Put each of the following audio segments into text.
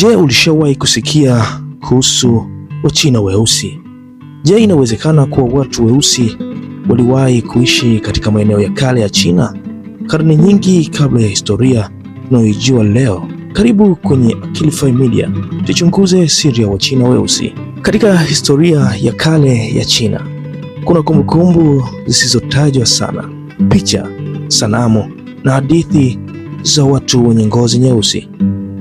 Je, ulishawahi kusikia kuhusu Wachina weusi? Je, inawezekana kuwa watu weusi waliwahi kuishi katika maeneo ya kale ya China karne nyingi kabla ya historia tunayoijua leo? Karibu kwenye Akilify Media, tuchunguze siri ya Wachina weusi katika historia ya kale ya China. Kuna kumbukumbu zisizotajwa sana, picha, sanamu na hadithi za watu wenye ngozi nyeusi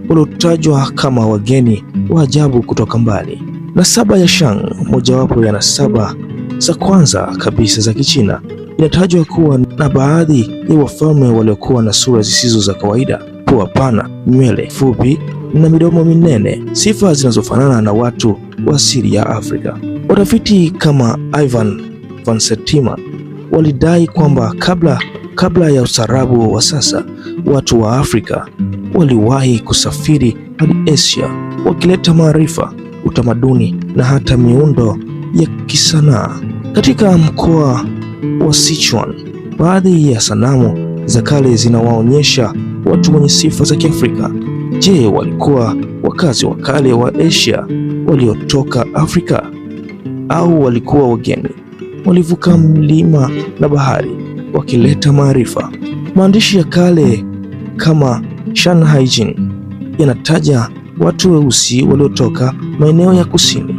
waliotajwa kama wageni wa ajabu kutoka mbali. Nasaba ya Shang, mojawapo ya nasaba za kwanza kabisa za Kichina, inatajwa kuwa na baadhi ya wafalme waliokuwa na sura zisizo za kawaida, pua pana, nywele fupi na midomo minene, sifa zinazofanana na watu wa asili ya Afrika. Watafiti kama Ivan van Septima walidai kwamba kabla Kabla ya ustaarabu wa sasa, watu wa Afrika waliwahi kusafiri hadi Asia wakileta maarifa, utamaduni na hata miundo ya kisanaa. Katika mkoa wa Sichuan, baadhi ya sanamu za kale zinawaonyesha watu wenye sifa za Kiafrika. Je, walikuwa wakazi wa kale wa Asia waliotoka Afrika au walikuwa wageni? Walivuka mlima na bahari wakileta maarifa. Maandishi ya kale kama Shanhaijin yanataja watu weusi waliotoka maeneo ya kusini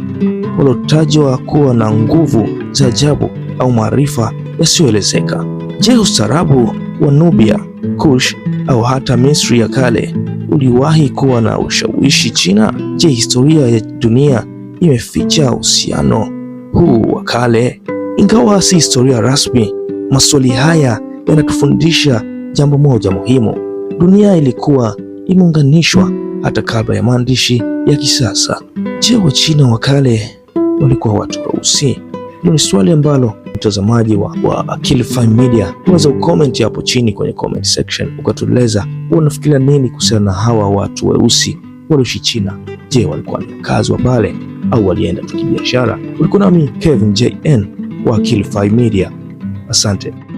waliotajwa kuwa na nguvu za ajabu au maarifa yasiyoelezeka. Je, ustaarabu wa Nubia, Kush au hata Misri ya kale uliwahi kuwa na ushawishi China? Je, historia ya dunia imeficha uhusiano huu wa kale? Ingawa si historia rasmi, Maswali haya yanatufundisha jambo moja muhimu: dunia ilikuwa imeunganishwa hata kabla ya maandishi ya kisasa. Je, Wachina wa kale walikuwa watu weusi? Hilo ni swali ambalo mtazamaji wa, wa Akili Fine Media unaweza ukomenti hapo chini kwenye comment section ukatueleza unafikiria nini kuhusiana na hawa watu weusi walioishi China. Je, walikuwa ni wakazi wa bale au walienda tu kibiashara? Ulikuwa nami Kevin JN wa Akili Fine Media. Asante.